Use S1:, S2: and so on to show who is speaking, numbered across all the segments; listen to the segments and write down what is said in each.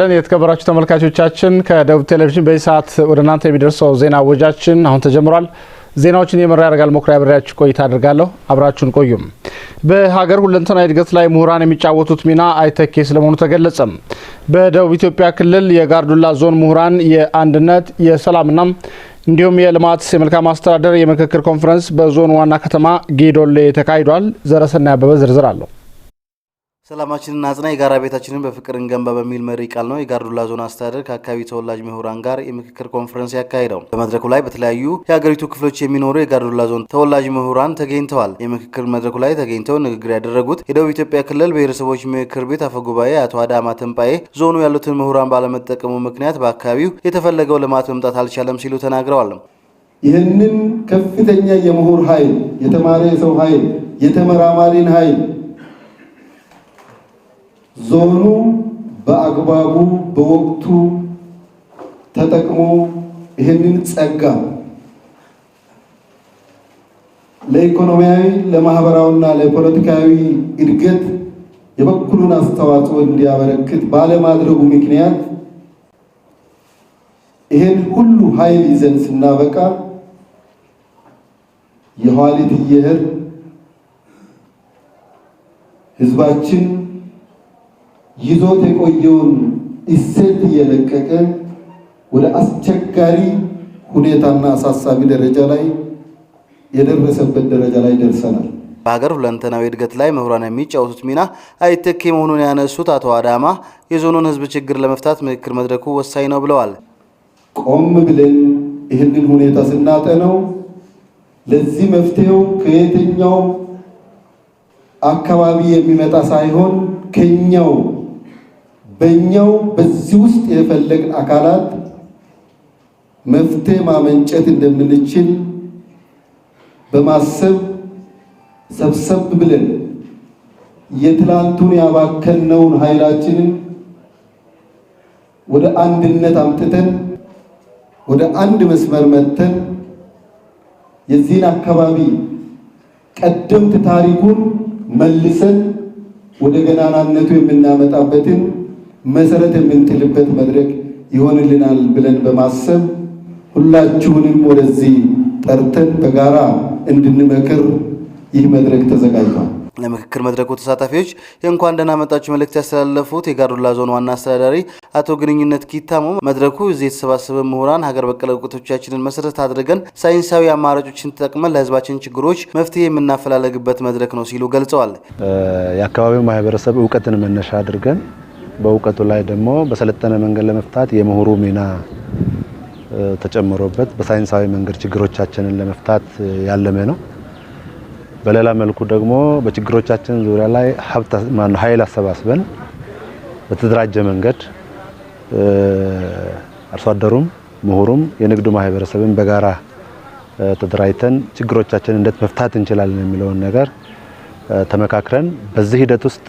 S1: ለን የተከበራችሁ ተመልካቾቻችን ከደቡብ ቴሌቪዥን በዚህ ሰዓት ወደ እናንተ የሚደርሰው ዜና ወጃችን አሁን ተጀምሯል። ዜናዎችን የመራ ያደርጋል ሞክሪያ ብሬያችሁ ቆይታ አድርጋለሁ። አብራችሁን ቆዩም። በሀገር ሁለንተና እድገት ላይ ምሁራን የሚጫወቱት ሚና አይተኬ ስለመሆኑ ተገለጸም። በደቡብ ኢትዮጵያ ክልል የጋርዱላ ዞን ምሁራን የአንድነት የሰላምና እንዲሁም የልማት የመልካም አስተዳደር የምክክር ኮንፈረንስ በዞን ዋና ከተማ ጌዶሌ ተካሂዷል። ዘረሰና ያበበ ዝርዝር አለው። ሰላማችንን አጽና የጋራ ቤታችንን በፍቅር እንገንባ በሚል መሪ ቃል ነው የጋርዱላ ዞን አስተዳደር ከአካባቢ ተወላጅ ምሁራን ጋር የምክክር ኮንፈረንስ ያካሄደው። በመድረኩ ላይ በተለያዩ የሀገሪቱ ክፍሎች የሚኖሩ የጋርዱላ ዞን ተወላጅ ምሁራን ተገኝተዋል። የምክክር መድረኩ ላይ ተገኝተው ንግግር ያደረጉት የደቡብ ኢትዮጵያ ክልል ብሔረሰቦች ምክር ቤት አፈ ጉባኤ አቶ አዳማ ተንጳዬ ዞኑ ያሉትን ምሁራን ባለመጠቀሙ ምክንያት በአካባቢው የተፈለገው ልማት መምጣት አልቻለም ሲሉ ተናግረዋል። ይህንን ከፍተኛ የምሁር ኃይል የተማረ የሰው ኃይል የተመራማሪን ኃይል ዞኑ በአግባቡ በወቅቱ ተጠቅሞ ይህንን ጸጋ ለኢኮኖሚያዊ ለማህበራዊና ለፖለቲካዊ እድገት የበኩሉን አስተዋጽኦ እንዲያበረክት ባለማድረጉ ምክንያት ይህን ሁሉ ኃይል ይዘን ስናበቃ የኋሊት እየህር ህዝባችን ይዞት የቆየውን እሴት እየለቀቀ ወደ አስቸጋሪ ሁኔታና አሳሳቢ ደረጃ ላይ የደረሰበት ደረጃ ላይ ደርሰናል። በሀገር ሁለንተናዊ እድገት ላይ ምሁራን የሚጫወቱት ሚና አይተኪ መሆኑን ያነሱት አቶ አዳማ የዞኑን ሕዝብ ችግር ለመፍታት ምክክር መድረኩ ወሳኝ ነው ብለዋል። ቆም ብለን ይህንን ሁኔታ ስናጠነው ለዚህ መፍትሄው ከየትኛው አካባቢ የሚመጣ ሳይሆን ከኛው በእኛው በዚህ ውስጥ የፈለግን አካላት መፍትሄ ማመንጨት እንደምንችል በማሰብ ሰብሰብ ብለን የትላንቱን ያባከነውን ኃይላችንን ወደ አንድነት አምጥተን ወደ አንድ መስመር መጥተን የዚህን አካባቢ ቀደምት ታሪኩን መልሰን ወደ ገናናነቱ የምናመጣበትን መሰረት የምንጥልበት መድረክ ይሆንልናል ብለን በማሰብ ሁላችሁንም ወደዚህ ጠርተን በጋራ እንድንመክር ይህ መድረክ ተዘጋጅቷል። ለምክክር መድረኩ ተሳታፊዎች የእንኳን ደህና መጣችሁ መልእክት ያስተላለፉት የጋዱላ ዞን ዋና አስተዳዳሪ አቶ ግንኙነት ኪታሞ መድረኩ እዚህ የተሰባሰበ ምሁራን ሀገር በቀል እውቀቶቻችንን መሰረት አድርገን ሳይንሳዊ አማራጮችን ተጠቅመን ለሕዝባችን ችግሮች መፍትሄ የምናፈላለግበት መድረክ ነው ሲሉ ገልጸዋል። የአካባቢው ማህበረሰብ እውቀትን መነሻ አድርገን በእውቀቱ ላይ ደግሞ በሰለጠነ መንገድ ለመፍታት የምሁሩ ሚና ተጨምሮበት በሳይንሳዊ መንገድ ችግሮቻችንን ለመፍታት ያለመ ነው። በሌላ መልኩ ደግሞ በችግሮቻችን ዙሪያ ላይ ኃይል አሰባስበን በተደራጀ መንገድ አርሶ አደሩም፣ ምሁሩም፣ የንግዱ ማህበረሰብን በጋራ ተደራጅተን ችግሮቻችን እንዴት መፍታት እንችላለን የሚለውን ነገር ተመካክረን በዚህ ሂደት ውስጥ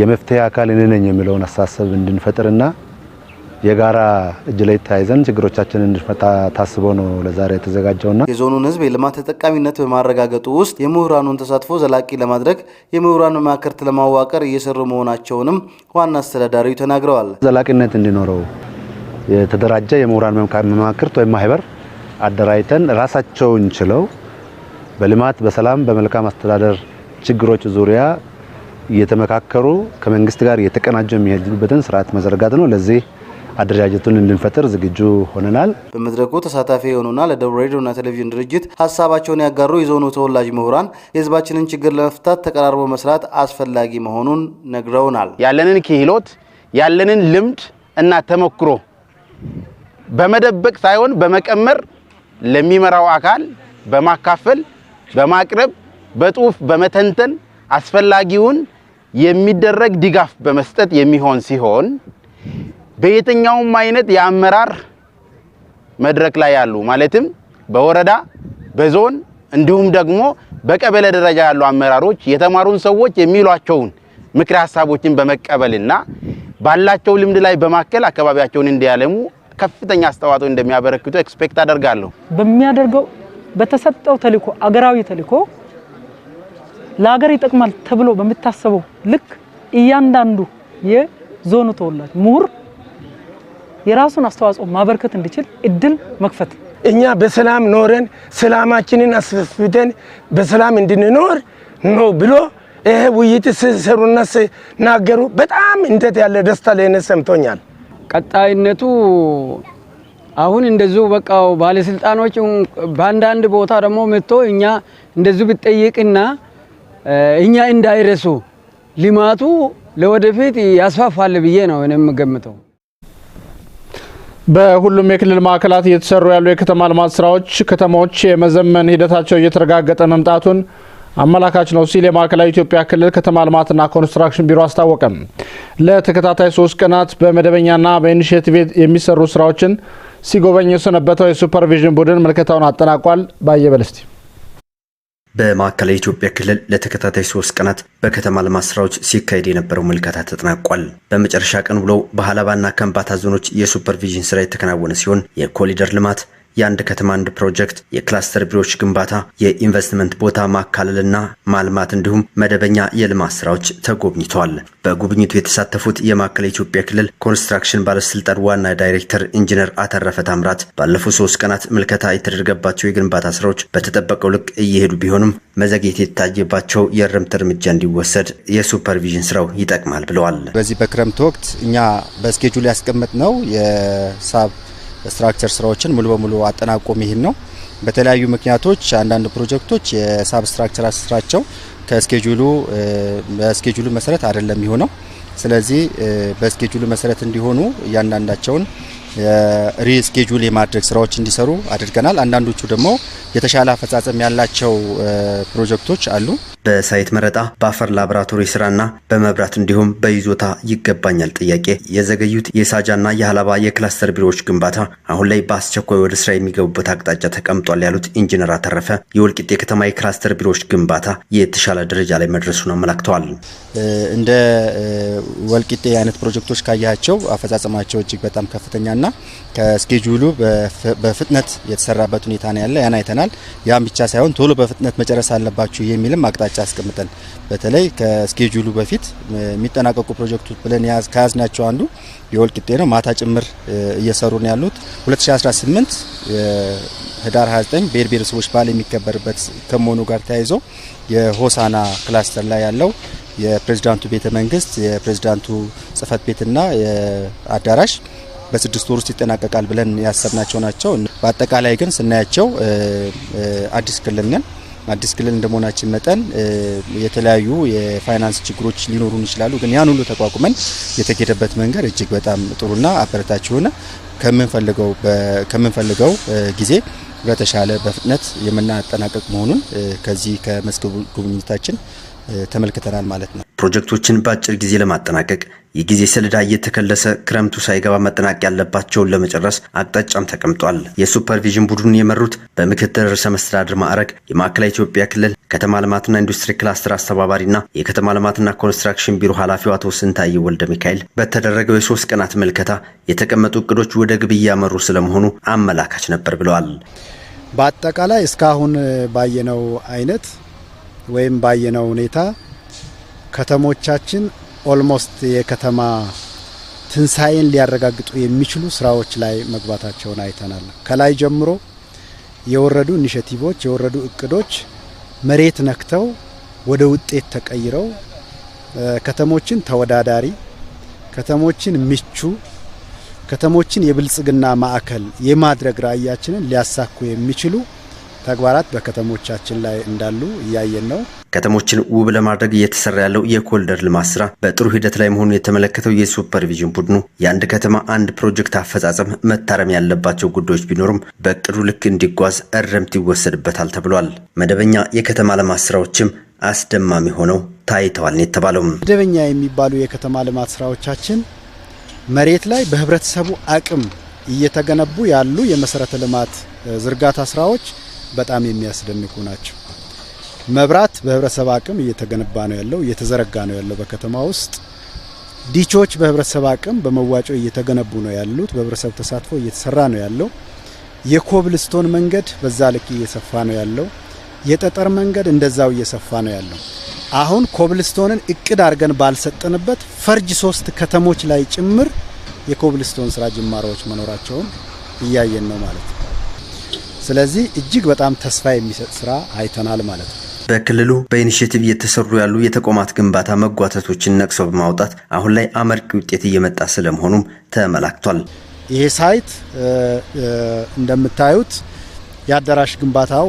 S1: የመፍትሄ አካል እኔ ነኝ የሚለውን አሳሰብ እንድንፈጥርና የጋራ እጅ ላይ ተያይዘን ችግሮቻችንን እንድፈታ ታስቦ ነው ለዛሬ የተዘጋጀውና የዞኑን ሕዝብ የልማት ተጠቃሚነት በማረጋገጡ ውስጥ የምሁራኑን ተሳትፎ ዘላቂ ለማድረግ የምሁራን መማክርት ለማዋቀር እየሰሩ መሆናቸውንም ዋና አስተዳዳሪው ተናግረዋል። ዘላቂነት እንዲኖረው የተደራጀ የምሁራን መማክርት ወይም ማህበር አደራጅተን ራሳቸውን ችለው በልማት፣ በሰላም፣ በመልካም አስተዳደር ችግሮች ዙሪያ እየተመካከሩ ከመንግስት ጋር እየተቀናጀ የሚሄዱበትን ስርዓት መዘርጋት ነው። ለዚህ አደረጃጀቱን እንድንፈጥር ዝግጁ ሆነናል። በመድረኩ ተሳታፊ የሆኑና ለደቡብ ሬዲዮና ቴሌቪዥን ድርጅት ሀሳባቸውን ያጋሩ የዞኑ ተወላጅ ምሁራን የህዝባችንን ችግር ለመፍታት ተቀራርቦ መስራት አስፈላጊ መሆኑን ነግረውናል። ያለንን ክህሎት ያለንን ልምድ እና ተሞክሮ በመደበቅ ሳይሆን በመቀመር ለሚመራው አካል በማካፈል በማቅረብ በጽሁፍ በመተንተን አስፈላጊውን የሚደረግ ድጋፍ በመስጠት የሚሆን ሲሆን በየትኛውም አይነት የአመራር መድረክ ላይ ያሉ ማለትም በወረዳ በዞን እንዲሁም ደግሞ በቀበሌ ደረጃ ያሉ አመራሮች የተማሩን ሰዎች የሚሏቸውን ምክረ ሀሳቦችን በመቀበልና ባላቸው ልምድ ላይ በማከል አካባቢያቸውን እንዲያለሙ ከፍተኛ አስተዋጽኦ እንደሚያበረክቱ ኤክስፔክት አደርጋለሁ። በሚያደርገው በተሰጠው ተልእኮ አገራዊ ተልእኮ ለሀገር ይጠቅማል ተብሎ በሚታሰበው ልክ እያንዳንዱ የዞኑ ተወላጅ ምሁር የራሱን አስተዋጽኦ ማበርከት እንዲችል እድል መክፈት እኛ በሰላም ኖረን ሰላማችንን አስፈስፍተን በሰላም እንድንኖር ነው ብሎ ይሄ ውይይት ሲሰሩና ሲናገሩ በጣም እንዴት ያለ ደስታ ለእኔ ሰምቶኛል። ቀጣይነቱ አሁን እንደዚሁ በቃው ባለስልጣኖች በአንዳንድ ቦታ ደግሞ መጥቶ እኛ እንደዚሁ ብጠይቅና እኛ እንዳይረሱ ልማቱ ለወደፊት ያስፋፋል ብዬ ነው እኔ የምገምተው። በሁሉም የክልል ማዕከላት እየተሰሩ ያሉ የከተማ ልማት ስራዎች ከተሞች የመዘመን ሂደታቸው እየተረጋገጠ መምጣቱን አመላካች ነው ሲል የማዕከላዊ ኢትዮጵያ ክልል ከተማ ልማትና ኮንስትራክሽን ቢሮ አስታወቀም። ለተከታታይ ሶስት ቀናት በመደበኛና በኢኒሽቲቭ የሚሰሩ ስራዎችን ሲጎበኝ የሰነበተው የሱፐርቪዥን ቡድን ምልከታውን አጠናቋል። ባየ በለስቲ በማዕከላዊ ኢትዮጵያ ክልል ለተከታታይ ሶስት ቀናት በከተማ ልማት ስራዎች ሲካሄድ የነበረው ምልከታ ተጠናቋል። በመጨረሻ ቀን ብለው በሀላባና ከምባታ ዞኖች የሱፐርቪዥን ስራ የተከናወነ ሲሆን የኮሊደር ልማት የአንድ ከተማ አንድ ፕሮጀክት የክላስተር ቢሮዎች ግንባታ፣ የኢንቨስትመንት ቦታ ማካለልና ማልማት እንዲሁም መደበኛ የልማት ስራዎች ተጎብኝተዋል። በጉብኝቱ የተሳተፉት የማዕከላዊ ኢትዮጵያ ክልል ኮንስትራክሽን ባለስልጣን ዋና ዳይሬክተር ኢንጂነር አተረፈ ታምራት ባለፉት ሶስት ቀናት ምልከታ የተደረገባቸው የግንባታ ስራዎች በተጠበቀው ልክ እየሄዱ ቢሆንም መዘግየት የታየባቸው የእርምት እርምጃ እንዲወሰድ የሱፐርቪዥን ስራው ይጠቅማል ብለዋል። በዚህ በክረምት ወቅት እኛ በስኬጁል ያስቀመጥ ነው የሳብ ስትራክቸር ስራዎችን ሙሉ በሙሉ አጠናቆ መሄድ ነው። በተለያዩ ምክንያቶች አንዳንድ ፕሮጀክቶች የሳብስትራክቸር ስራቸው ከስኬጁሉ በስኬጁሉ መሰረት አይደለም የሚሆነው። ስለዚህ በስኬጁሉ መሰረት እንዲሆኑ እያንዳንዳቸውን ሪስኬጁል የማድረግ ስራዎች እንዲሰሩ አድርገናል። አንዳንዶቹ ደግሞ የተሻለ አፈጻጸም ያላቸው ፕሮጀክቶች አሉ። በሳይት መረጣ፣ በአፈር ላቦራቶሪ ስራና በመብራት እንዲሁም በይዞታ ይገባኛል ጥያቄ የዘገዩት የሳጃና የሀላባ የክላስተር ቢሮዎች ግንባታ አሁን ላይ በአስቸኳይ ወደ ስራ የሚገቡበት አቅጣጫ ተቀምጧል ያሉት ኢንጂነር አተረፈ የወልቂጤ ከተማ የክላስተር ቢሮዎች ግንባታ የተሻለ ደረጃ ላይ መድረሱን አመላክተዋል። እንደ ወልቂጤ አይነት ፕሮጀክቶች ካያቸው አፈጻጸማቸው እጅግ በጣም ከፍተኛና ከስኬጁሉ በፍጥነት የተሰራበት ሁኔታ ነው ያለ ያን አይተናል። ያም ብቻ ሳይሆን ቶሎ በፍጥነት መጨረስ አለባችሁ የሚልም አቅጣጫ አቅጣጫ አስቀምጠን በተለይ ከስኬጁሉ በፊት የሚጠናቀቁ ፕሮጀክቶች ብለን ከያዝናቸው አንዱ የወልቂጤ ነው። ማታ ጭምር እየሰሩ ነው ያሉት። 2018 ህዳር 29 ብሔር ብሔረሰቦች በዓል የሚከበርበት ከመሆኑ ጋር ተያይዞ የሆሳና ክላስተር ላይ ያለው የፕሬዝዳንቱ ቤተ መንግስት፣ የፕሬዝዳንቱ ጽህፈት ቤትና አዳራሽ በስድስት ወር ውስጥ ይጠናቀቃል ብለን ያሰብናቸው ናቸው። በአጠቃላይ ግን ስናያቸው አዲስ ክልል ነን። አዲስ ክልል እንደመሆናችን መጠን የተለያዩ የፋይናንስ ችግሮች ሊኖሩን ይችላሉ። ግን ያን ሁሉ ተቋቁመን የተኬደበት መንገድ እጅግ በጣም ጥሩና አበረታች የሆነ ከምንፈልገው ጊዜ በተሻለ በፍጥነት የምናጠናቀቅ መሆኑን ከዚህ ከመስክ ጉብኝታችን ተመልክተናል ማለት ነው። ፕሮጀክቶችን በአጭር ጊዜ ለማጠናቀቅ የጊዜ ሰሌዳ እየተከለሰ ክረምቱ ሳይገባ መጠናቅ ያለባቸውን ለመጨረስ አቅጣጫም ተቀምጧል። የሱፐርቪዥን ቡድኑን የመሩት በምክትል ርዕሰ መስተዳድር ማዕረግ የማዕከላዊ ኢትዮጵያ ክልል ከተማ ልማትና ኢንዱስትሪ ክላስተር አስተባባሪና የከተማ ልማትና ኮንስትራክሽን ቢሮ ኃላፊው አቶ ስንታየ ወልደ ሚካኤል በተደረገው የሶስት ቀናት ምልከታ የተቀመጡ እቅዶች ወደ ግብ እያመሩ ስለመሆኑ አመላካች ነበር ብለዋል። በአጠቃላይ እስካሁን ባየነው አይነት ወይም ባየነው ሁኔታ ከተሞቻችን ኦልሞስት የከተማ ትንሣኤን ሊያረጋግጡ የሚችሉ ስራዎች ላይ መግባታቸውን አይተናል። ከላይ ጀምሮ የወረዱ ኢኒሽቲቮች የወረዱ እቅዶች መሬት ነክተው ወደ ውጤት ተቀይረው ከተሞችን ተወዳዳሪ፣ ከተሞችን ምቹ፣ ከተሞችን የብልጽግና ማዕከል የማድረግ ራዕያችንን ሊያሳኩ የሚችሉ ተግባራት በከተሞቻችን ላይ እንዳሉ እያየን ነው። ከተሞችን ውብ ለማድረግ እየተሰራ ያለው የኮሪደር ልማት ስራ በጥሩ ሂደት ላይ መሆኑን የተመለከተው የሱፐርቪዥን ቡድኑ የአንድ ከተማ አንድ ፕሮጀክት አፈጻጸም መታረም ያለባቸው ጉዳዮች ቢኖሩም በእቅዱ ልክ እንዲጓዝ እረምት ይወሰድበታል ተብሏል። መደበኛ የከተማ ልማት ስራዎችም አስደማሚ ሆነው ታይተዋል የተባለውም መደበኛ የሚባሉ የከተማ ልማት ስራዎቻችን መሬት ላይ በህብረተሰቡ አቅም እየተገነቡ ያሉ የመሰረተ ልማት ዝርጋታ ስራዎች በጣም የሚያስደንቁ ናቸው። መብራት በህብረተሰብ አቅም እየተገነባ ነው ያለው እየተዘረጋ ነው ያለው በከተማ ውስጥ። ዲቾች በህብረተሰብ አቅም በመዋጮ እየተገነቡ ነው ያሉት። በህብረተሰብ ተሳትፎ እየተሰራ ነው ያለው። የኮብልስቶን መንገድ በዛ ልክ እየሰፋ ነው ያለው። የጠጠር መንገድ እንደዛው እየሰፋ ነው ያለው። አሁን ኮብልስቶንን እቅድ አድርገን ባልሰጠንበት ፈርጅ ሶስት ከተሞች ላይ ጭምር የኮብልስቶን ስራ ጅማሮዎች መኖራቸውን እያየን ነው ማለት ነው። ስለዚህ እጅግ በጣም ተስፋ የሚሰጥ ስራ አይተናል ማለት ነው። በክልሉ በኢኒሽቲቭ እየተሰሩ ያሉ የተቋማት ግንባታ መጓተቶችን ነቅሰው በማውጣት አሁን ላይ አመርቂ ውጤት እየመጣ ስለመሆኑም ተመላክቷል። ይሄ ሳይት እንደምታዩት የአዳራሽ ግንባታው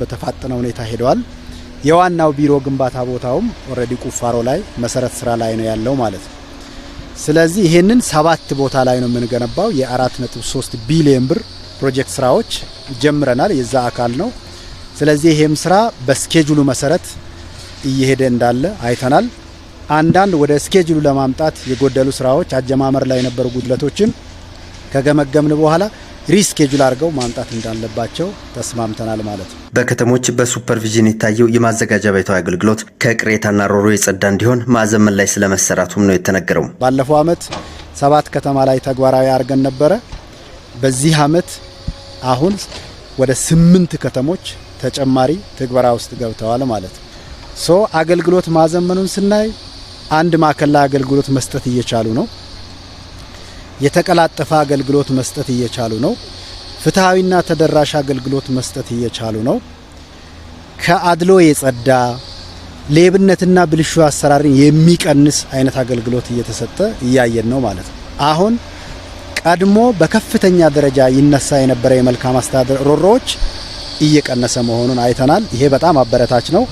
S1: በተፋጠነ ሁኔታ ሄደዋል። የዋናው ቢሮ ግንባታ ቦታውም ኦልሬዲ ቁፋሮ ላይ መሰረት ስራ ላይ ነው ያለው ማለት ነው። ስለዚህ ይህንን ሰባት ቦታ ላይ ነው የምንገነባው የአራት ነጥብ ሶስት ቢሊየን ብር ፕሮጀክት ስራዎች ጀምረናል። የዛ አካል ነው። ስለዚህ ይሄም ስራ በስኬጁሉ መሰረት እየሄደ እንዳለ አይተናል። አንዳንድ ወደ ስኬጁሉ ለማምጣት የጎደሉ ስራዎች፣ አጀማመር ላይ የነበሩ ጉድለቶችን ከገመገምን በኋላ ሪስኬጁል አድርገው ማምጣት እንዳለባቸው ተስማምተናል ማለት ነው። በከተሞች በሱፐርቪዥን የታየው የማዘጋጃ ቤታዊ አገልግሎት ከቅሬታና ሮሮ የጸዳ እንዲሆን ማዘመን ላይ ስለመሰራቱም ነው የተነገረው። ባለፈው አመት ሰባት ከተማ ላይ ተግባራዊ አድርገን ነበረ። በዚህ አመት አሁን ወደ ስምንት ከተሞች ተጨማሪ ትግበራ ውስጥ ገብተዋል ማለት ነው። ሶ አገልግሎት ማዘመኑን ስናይ አንድ ማዕከል ላይ አገልግሎት መስጠት እየቻሉ ነው። የተቀላጠፈ አገልግሎት መስጠት እየቻሉ ነው። ፍትሐዊና ተደራሽ አገልግሎት መስጠት እየቻሉ ነው። ከአድሎ የጸዳ ሌብነትና ብልሹ አሰራርን የሚቀንስ አይነት አገልግሎት እየተሰጠ እያየን ነው ማለት ነው አሁን ቀድሞ በከፍተኛ ደረጃ ይነሳ የነበረ የመልካም አስተዳደር ሮሮዎች እየቀነሰ መሆኑን አይተናል። ይሄ በጣም አበረታች ነው።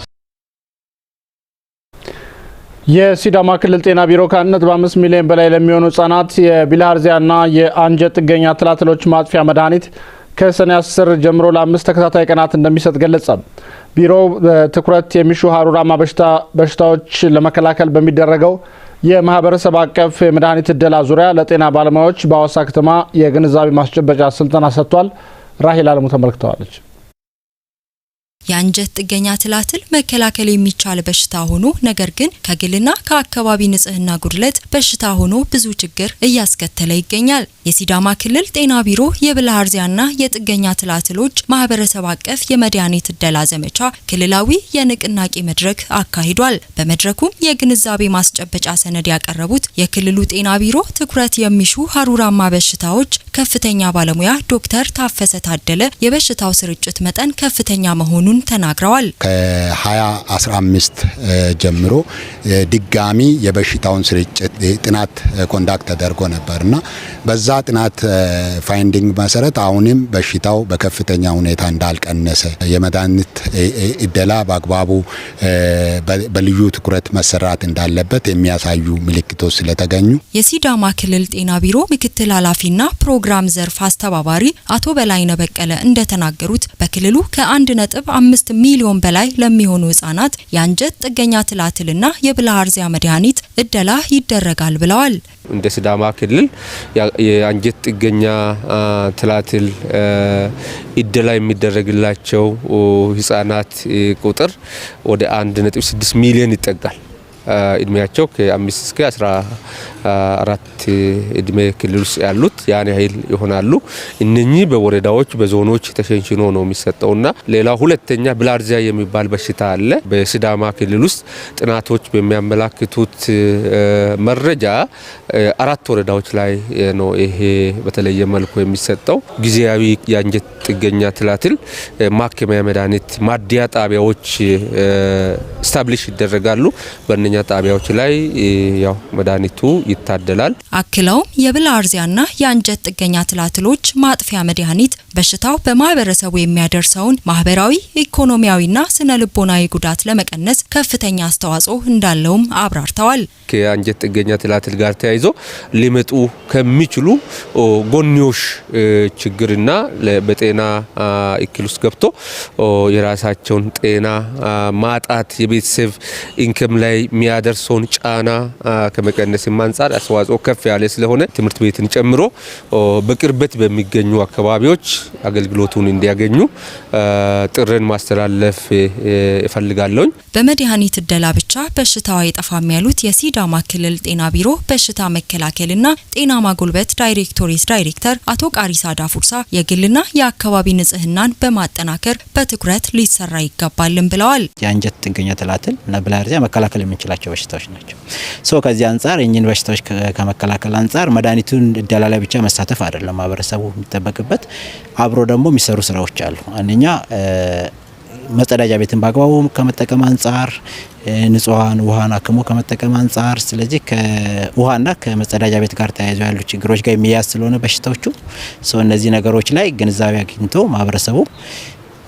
S1: የሲዳማ ክልል ጤና ቢሮ ከአንድ በአምስት ሚሊዮን በላይ ለሚሆኑ ህጻናት የቢልሃርዚያና የአንጀት ጥገኛ ትላትሎች ማጥፊያ መድኃኒት ከሰኔ 10 ጀምሮ ለአምስት ተከታታይ ቀናት እንደሚሰጥ ገለጸ። ቢሮው ትኩረት የሚሹ ሀሩራማ በሽታዎች ለመከላከል በሚደረገው የማህበረሰብ አቀፍ የመድኃኒት እደላ ዙሪያ ለጤና ባለሙያዎች በአዋሳ ከተማ የግንዛቤ ማስጨበጫ ስልጠና ሰጥቷል። ራሄል አለሙ ተመልክተዋለች። የአንጀት ጥገኛ ትላትል መከላከል የሚቻል በሽታ ሆኖ ነገር ግን ከግልና ከአካባቢ ንጽህና ጉድለት በሽታ ሆኖ ብዙ ችግር እያስከተለ ይገኛል። የሲዳማ ክልል ጤና ቢሮ የብልሃር አርዚያና የጥገኛ ትላትሎች ማህበረሰብ አቀፍ የመድኃኒት እደላ ዘመቻ ክልላዊ የንቅናቄ መድረክ አካሂዷል። በመድረኩም የግንዛቤ ማስጨበጫ ሰነድ ያቀረቡት የክልሉ ጤና ቢሮ ትኩረት የሚሹ ሀሩራማ በሽታዎች ከፍተኛ ባለሙያ ዶክተር ታፈሰ ታደለ የበሽታው ስርጭት መጠን ከፍተኛ መሆኑን ተናግረዋል። ከ2015 ጀምሮ ድጋሚ የበሽታውን ስርጭት ጥናት ኮንዳክት ተደርጎ ነበርና በዛ ጥናት ፋይንዲንግ መሰረት አሁንም በሽታው በከፍተኛ ሁኔታ እንዳልቀነሰ የመድኃኒት እደላ በአግባቡ በልዩ ትኩረት መሰራት እንዳለበት የሚያሳዩ ምልክቶች ስለተገኙ የሲዳማ ክልል ጤና ቢሮ ምክትል ኃላፊና ፕሮግራም ዘርፍ አስተባባሪ አቶ በላይነ በቀለ እንደተናገሩት በክልሉ ከአንድ ነጥብ አምስት ሚሊዮን በላይ ለሚሆኑ ህጻናት የአንጀት ጥገኛ ትላትልና የብልሃርዚያ መድኃኒት እደላ ይደረጋል ብለዋል። እንደ ስዳማ ክልል የአንጀት ጥገኛ ትላትል እደላ የሚደረግላቸው ህጻናት ቁጥር ወደ አንድ ነጥብ ስድስት ሚሊዮን ይጠጋል። እድሜያቸው ከአምስት እስከ አስራ አራት እድሜ ክልል ውስጥ ያሉት ያን ያህል ይሆናሉ። እነኚህ በወረዳዎች በዞኖች ተሸንሽኖ ነው የሚሰጠውና ሌላ ሁለተኛ ብላርዚያ የሚባል በሽታ አለ። በሲዳማ ክልል ውስጥ ጥናቶች በሚያመላክቱት መረጃ አራት ወረዳዎች ላይ ነው ይሄ በተለየ መልኩ የሚሰጠው። ጊዜያዊ የአንጀት ጥገኛ ትላትል ማከሚያ መድኃኒት ማዲያ ጣቢያዎች ስታብሊሽ ይደረጋሉ በነ መገኛ ጣቢያዎች ላይ ያው መድኃኒቱ ይታደላል። አክለውም የብላርዚያና የአንጀት ጥገኛ ትላትሎች ማጥፊያ መድኃኒት በሽታው በማህበረሰቡ የሚያደርሰውን ማህበራዊ፣ ኢኮኖሚያዊና ስነ ልቦናዊ ጉዳት ለመቀነስ ከፍተኛ አስተዋጽኦ እንዳለውም አብራርተዋል። ከአንጀት ጥገኛ ትላትል ጋር ተያይዞ ሊመጡ ከሚችሉ ጎንዮሽ ችግርና በጤና እክል ውስጥ ገብቶ የራሳቸውን ጤና ማጣት የቤተሰብ ኢንከም ላይ የሚያደርሰውን ጫና ከመቀነስም አንጻር አስተዋጽኦ ከፍ ያለ ስለሆነ ትምህርት ቤትን ጨምሮ በቅርበት በሚገኙ አካባቢዎች አገልግሎቱን እንዲያገኙ ጥርን ማስተላለፍ እፈልጋለሁኝ። በመድኃኒት እደላ ብቻ በሽታው አይጠፋም ያሉት የሲዳማ ክልል ጤና ቢሮ በሽታ መከላከልና ጤና ማጎልበት ዳይሬክቶሬት ዳይሬክተር አቶ ቃሪሳ ዳፉርሳ የግልና የአካባቢ ንጽህናን በማጠናከር በትኩረት ሊሰራ ይገባልን ብለዋል። የአንጀት ጥገኛ ትላትል እና ብላርዚያ መከላከል የምንችላል የምንላቸው በሽታዎች ናቸው። ሶ ከዚህ አንጻር እኚህን በሽታዎች ከመከላከል አንጻር መድኃኒቱን እደላ ላይ ብቻ መሳተፍ አይደለም ማህበረሰቡ የሚጠበቅበት፣ አብሮ ደግሞ የሚሰሩ ስራዎች አሉ። አንደኛ መጸዳጃ ቤትን በአግባቡ ከመጠቀም አንጻር ንጹሃን ውሃን አክሞ ከመጠቀም አንጻር ስለዚህ ከውሃና ከመጸዳጃ ቤት ጋር ተያይዞ ያሉ ችግሮች ጋር የሚያያዝ ስለሆነ በሽታዎቹ ሰው እነዚህ ነገሮች ላይ ግንዛቤ አግኝቶ ማህበረሰቡ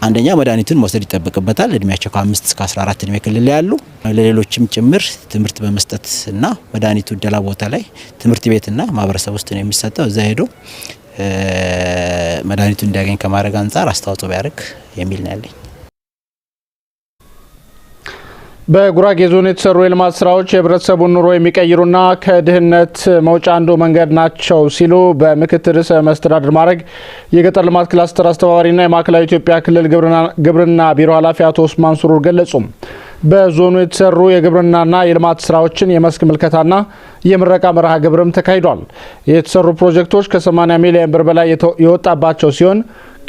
S1: አንደኛ መድኃኒቱን መውሰድ ይጠበቅበታል። እድሜያቸው ከአምስት እስከ 14 እድሜ ክልል ያሉ ለሌሎችም ጭምር ትምህርት በመስጠት እና መድኃኒቱ እደላ ቦታ ላይ ትምህርት ቤትና ማህበረሰብ ውስጥ ነው የሚሰጠው። እዛ ሄዶ መድኃኒቱ እንዲያገኝ ከማድረግ አንጻር አስተዋጽኦ ቢያደርግ የሚል ነው ያለኝ። በጉራጌ ዞን የተሰሩ የልማት ስራዎች የህብረተሰቡን ኑሮ የሚቀይሩና ከድህነት መውጫ አንዱ መንገድ ናቸው ሲሉ በምክትል ርዕሰ መስተዳድር ማድረግ የገጠር ልማት ክላስተር አስተባባሪና የማዕከላዊ ኢትዮጵያ ክልል ግብርና ቢሮ ኃላፊ አቶ ኡስማን ሱሩር ገለጹ። በዞኑ የተሰሩ የግብርናና የልማት ስራዎችን የመስክ ምልከታና የምረቃ መርሃ ግብርም ተካሂዷል። የተሰሩ ፕሮጀክቶች ከ80 ሚሊዮን ብር በላይ የወጣባቸው ሲሆን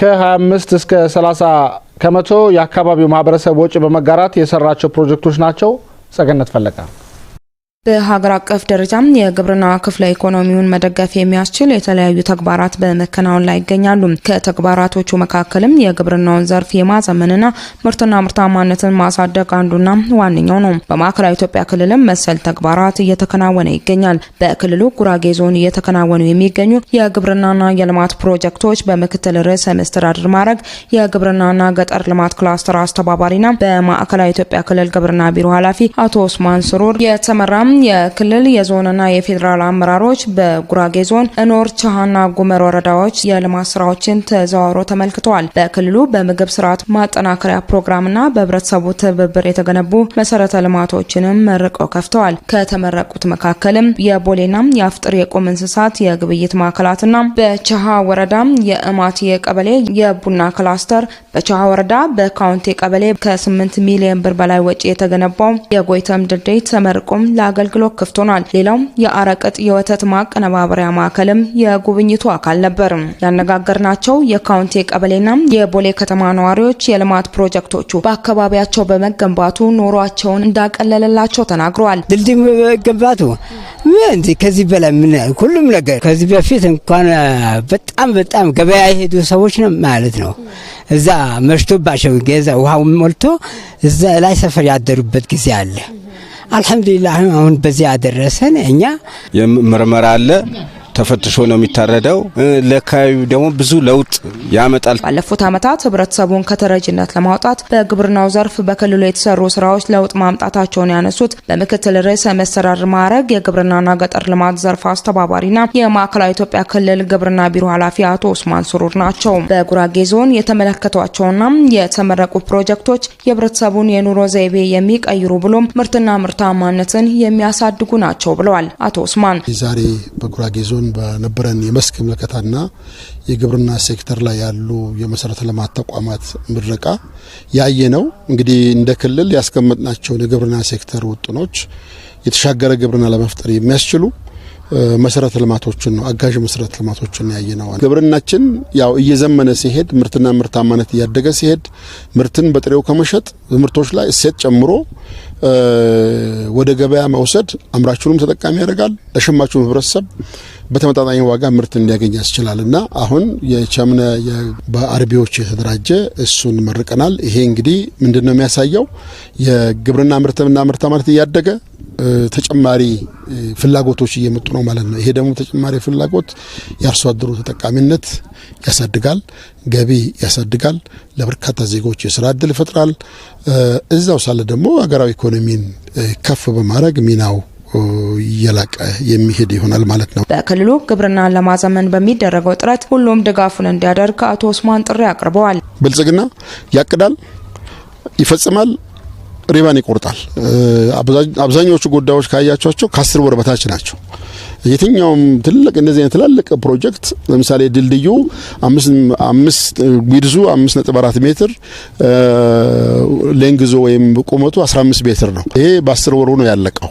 S1: ከ25 እስከ 30 ከመቶ የአካባቢው ማህበረሰብ ወጪ በመጋራት የሰራቸው ፕሮጀክቶች ናቸው። ጸገነት ፈለቀ በሀገር አቀፍ ደረጃም የግብርና ክፍለ ኢኮኖሚውን መደገፍ የሚያስችል የተለያዩ ተግባራት በመከናወን ላይ ይገኛሉ። ከተግባራቶቹ መካከልም የግብርናውን ዘርፍ የማዘመንና ምርትና ምርታማነትን ማሳደግ አንዱና ዋነኛው ነው። በማዕከላዊ ኢትዮጵያ ክልልም መሰል ተግባራት እየተከናወነ ይገኛል። በክልሉ ጉራጌ ዞን እየተከናወኑ የሚገኙ የግብርናና የልማት ፕሮጀክቶች በምክትል ርዕሰ መስተዳድር ማዕረግ የግብርናና ገጠር ልማት ክላስተር አስተባባሪና በማዕከላዊ ኢትዮጵያ ክልል ግብርና ቢሮ ኃላፊ አቶ ኦስማን ስሩር የተመራም የክልል የዞንና የፌዴራል አመራሮች በጉራጌ ዞን እኖር ቻሃና ጉመር ወረዳዎች የልማት ስራዎችን ተዘዋውሮ ተመልክተዋል። በክልሉ በምግብ ስርዓት ማጠናከሪያ ፕሮግራምና በህብረተሰቡ ትብብር የተገነቡ መሰረተ ልማቶችንም መርቀው ከፍተዋል። ከተመረቁት መካከልም የቦሌናም የአፍጥር የቁም እንስሳት የግብይት ማዕከላትና በቻሃ ወረዳም የእማት ቀበሌ የቡና ክላስተር በቻሃ ወረዳ በካውንቲ ቀበሌ ከ8 ሚሊዮን ብር በላይ ወጪ የተገነባው የጎይተም ድልድይ ተመርቆም ለአገ አገልግሎት ክፍት ሆኗል። ሌላውም የአረቅጥ የወተት ማቀነባበሪያ ማዕከልም የጉብኝቱ አካል ነበር። ያነጋገርናቸው የካውንቲ ቀበሌና የቦሌ ከተማ ነዋሪዎች የልማት ፕሮጀክቶቹ በአካባቢያቸው በመገንባቱ ኑሯቸውን እንዳቀለለላቸው ተናግረዋል። ድልድይ በመገንባቱ ከዚህ በላይ ምን ሁሉም ነገር ከዚህ በፊት እንኳን በጣም በጣም ገበያ የሄዱ ሰዎች ነው ማለት ነው። እዛ መሽቶባቸው ገዛ ውሃው ሞልቶ እዛ ላይ ሰፈር ያደሩበት ጊዜ አለ። አልሐምዱሊላህ አሁን በዚህ አደረሰን። እኛ ምርመራ አለ ተፈትሾ ነው የሚታረደው። ለአካባቢው ደግሞ ብዙ ለውጥ ያመጣል። ባለፉት ዓመታት ህብረተሰቡን ከተረጅነት ለማውጣት በግብርናው ዘርፍ በክልሉ የተሰሩ ስራዎች ለውጥ ማምጣታቸውን ያነሱት በምክትል ርዕሰ መስተዳድር ማዕረግ የግብርናና ገጠር ልማት ዘርፍ አስተባባሪና የማዕከላዊ ኢትዮጵያ ክልል ግብርና ቢሮ ኃላፊ አቶ ኡስማን ስሩር ናቸው። በጉራጌ ዞን የተመለከቷቸውና የተመረቁ ፕሮጀክቶች የህብረተሰቡን የኑሮ ዘይቤ የሚቀይሩ ብሎም ምርትና ምርታማነትን የሚያሳድጉ ናቸው ብለዋል አቶ ኡስማን ዛሬ በጉራጌ ዞን አሁን በነበረን የመስክ ምልከታና የግብርና ሴክተር ላይ ያሉ የመሰረተ ልማት ተቋማት ምረቃ ያየ ነው። እንግዲህ እንደ ክልል ያስቀመጥናቸውን የግብርና ሴክተር ውጥኖች የተሻገረ ግብርና ለመፍጠር የሚያስችሉ መሰረተ ልማቶችን ነው አጋዥ መሰረተ ልማቶችን ያየ ነው። ግብርናችን ያው እየዘመነ ሲሄድ ምርትና ምርታማነት እያደገ ሲሄድ ምርትን በጥሬው ከመሸጥ ምርቶች ላይ እሴት ጨምሮ ወደ ገበያ መውሰድ አምራቹንም ተጠቃሚ ያደርጋል፣ ለሸማቹም ህብረተሰብ በተመጣጣኝ ዋጋ ምርት እንዲያገኝ ያስችላል እና አሁን የቸምነ በአርቢዎች የተደራጀ እሱን መርቀናል። ይሄ እንግዲህ ምንድን ነው የሚያሳየው የግብርና ምርትና ምርታማነት እያደገ ተጨማሪ ፍላጎቶች እየመጡ ነው ማለት ነው። ይሄ ደግሞ ተጨማሪ ፍላጎት የአርሶ አደሩ ተጠቃሚነት ያሳድጋል፣ ገቢ ያሳድጋል፣ ለበርካታ ዜጎች የስራ እድል ይፈጥራል። እዛው ሳለ ደግሞ ሀገራዊ ኢኮኖሚን ከፍ በማድረግ ሚናው እየላቀ የሚሄድ ይሆናል ማለት ነው። በክልሉ ግብርናን ለማዘመን በሚደረገው ጥረት ሁሉም ድጋፉን እንዲያደርግ አቶ ኡስማን ጥሪ አቅርበዋል። ብልጽግና ያቅዳል፣ ይፈጽማል፣ ሪባን ይቆርጣል። አብዛኞቹ ጉዳዮች ካያቸቸው ከአስር ወር በታች ናቸው። የትኛውም ትልቅ እንደዚህ አይነት ትላልቅ ፕሮጀክት ለምሳሌ ድልድዩ አምስት አምስት ነጥብ አራት ሜትር ሌንግዞ ወይም ቁመቱ 15 ሜትር ነው። ይሄ በአስር ወር ነው ያለቀው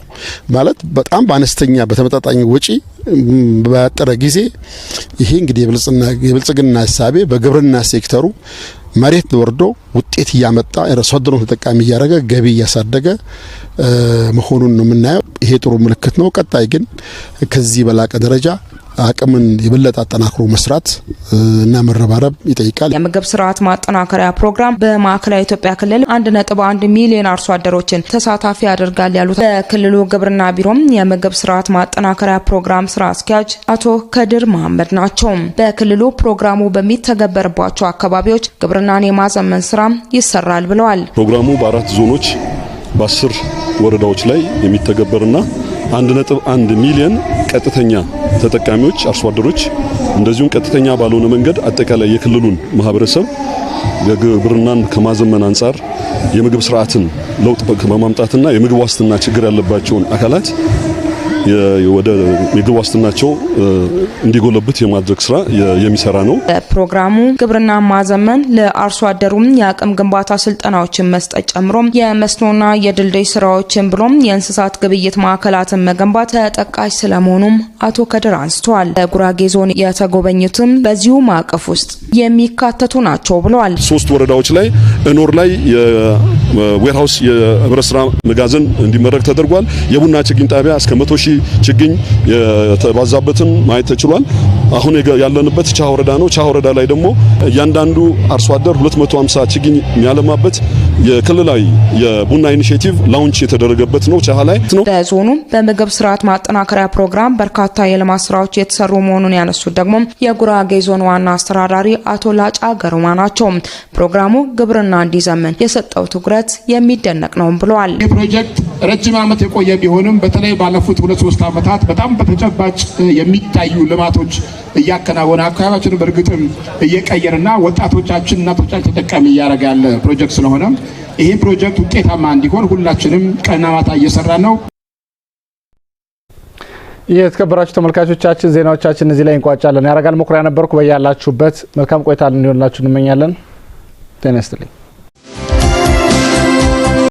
S1: ማለት በጣም በአነስተኛ በተመጣጣኝ ወጪ ባጠረ ጊዜ ይሄ እንግዲህ የብልጽግና ሳቤ በግብርና ሴክተሩ መሬት ወርዶ ውጤት እያመጣ አርሶ አደሩን ተጠቃሚ እያደረገ ገቢ እያሳደገ መሆኑን ነው የምናየው። ይሄ ጥሩ ምልክት ነው። ቀጣይ ግን ከዚህ በላቀ ደረጃ አቅምን የበለጠ አጠናክሮ መስራት እና መረባረብ ይጠይቃል። የምግብ ስርዓት ማጠናከሪያ ፕሮግራም በማዕከላዊ ኢትዮጵያ ክልል አንድ ነጥብ አንድ ሚሊዮን አርሶ አደሮችን ተሳታፊ ያደርጋል ያሉት በክልሉ ግብርና ቢሮም የምግብ ስርዓት ማጠናከሪያ ፕሮግራም ስራ አስኪያጅ አቶ ከድር መሀመድ ናቸው። በክልሉ ፕሮግራሙ በሚተገበርባቸው አካባቢዎች ግብርናን የማዘመን ስራ ይሰራል ብለዋል። ፕሮግራሙ በአራት ዞኖች በአስር ወረዳዎች ላይ የሚተገበርና አንድ ነጥብ አንድ ሚሊዮን ቀጥተኛ ተጠቃሚዎች አርሶ አደሮች፣ እንደዚሁም ቀጥተኛ ባልሆነ መንገድ አጠቃላይ የክልሉን ማህበረሰብ ግብርናን ከማዘመን አንጻር የምግብ ስርዓትን ለውጥ በማምጣትና የምግብ ዋስትና ችግር ያለባቸውን አካላት ወደ ምግብ ዋስትናቸው እንዲጎለብት የማድረግ ስራ የሚሰራ ነው። ፕሮግራሙ ግብርና ማዘመን ለአርሶ አደሩም የአቅም ግንባታ ስልጠናዎችን መስጠት ጨምሮ የመስኖና የድልድይ ስራዎችን ብሎም የእንስሳት ግብይት ማዕከላትን መገንባት ተጠቃሽ ስለመሆኑም አቶ ከድር አንስተዋል። በጉራጌ ዞን የተጎበኙትም በዚሁ ማዕቀፍ ውስጥ የሚካተቱ ናቸው ብለዋል። ሶስት ወረዳዎች ላይ እኖር ላይ የዌርሃውስ የህብረት ስራ መጋዘን እንዲመረግ ተደርጓል። የቡና ችግኝ ጣቢያ እስከ መቶ ሺህ ችግኝ የተባዛበትን ማየት ተችሏል። አሁን ያለንበት ቻ ወረዳ ነው። ቻ ወረዳ ላይ ደግሞ እያንዳንዱ አርሶ አደር 250 ችግኝ የሚያለማበት የክልላዊ የቡና ኢኒሽቲቭ ላውንች የተደረገበት ነው። ቻ ላይ ነው። በዞኑ በምግብ ስርዓት ማጠናከሪያ ፕሮግራም በርካታ የልማት ስራዎች የተሰሩ መሆኑን ያነሱት ደግሞ የጉራጌ ዞን ዋና አስተዳዳሪ አቶ ላጫ ገሩማ ናቸው። ፕሮግራሙ ግብርና እንዲዘምን የሰጠው ትኩረት የሚደነቅ ነው ብለዋል። ይህ ፕሮጀክት ረጅም ዓመት የቆየ ቢሆንም በተለይ ባለፉት ሁለት ሶስት ዓመታት በጣም በተጨባጭ የሚታዩ ልማቶች እያከናወነ አካባቢያችን በእርግጥም እየቀየረና ወጣቶቻችን እናቶቻችን ተጠቃሚ እያደረገ ያለ ፕሮጀክት ስለሆነ ይሄ ፕሮጀክት ውጤታማ እንዲሆን ሁላችንም ቀና ማታ እየሰራ ነው። የተከበራችሁ ተመልካቾቻችን ዜናዎቻችን እዚህ ላይ እንቋጫለን። ያረጋል መኩሪያ ነበርኩ። በያላችሁበት መልካም ቆይታ እንዲሆንላችሁ እንመኛለን። ጤና ይስጥልኝ።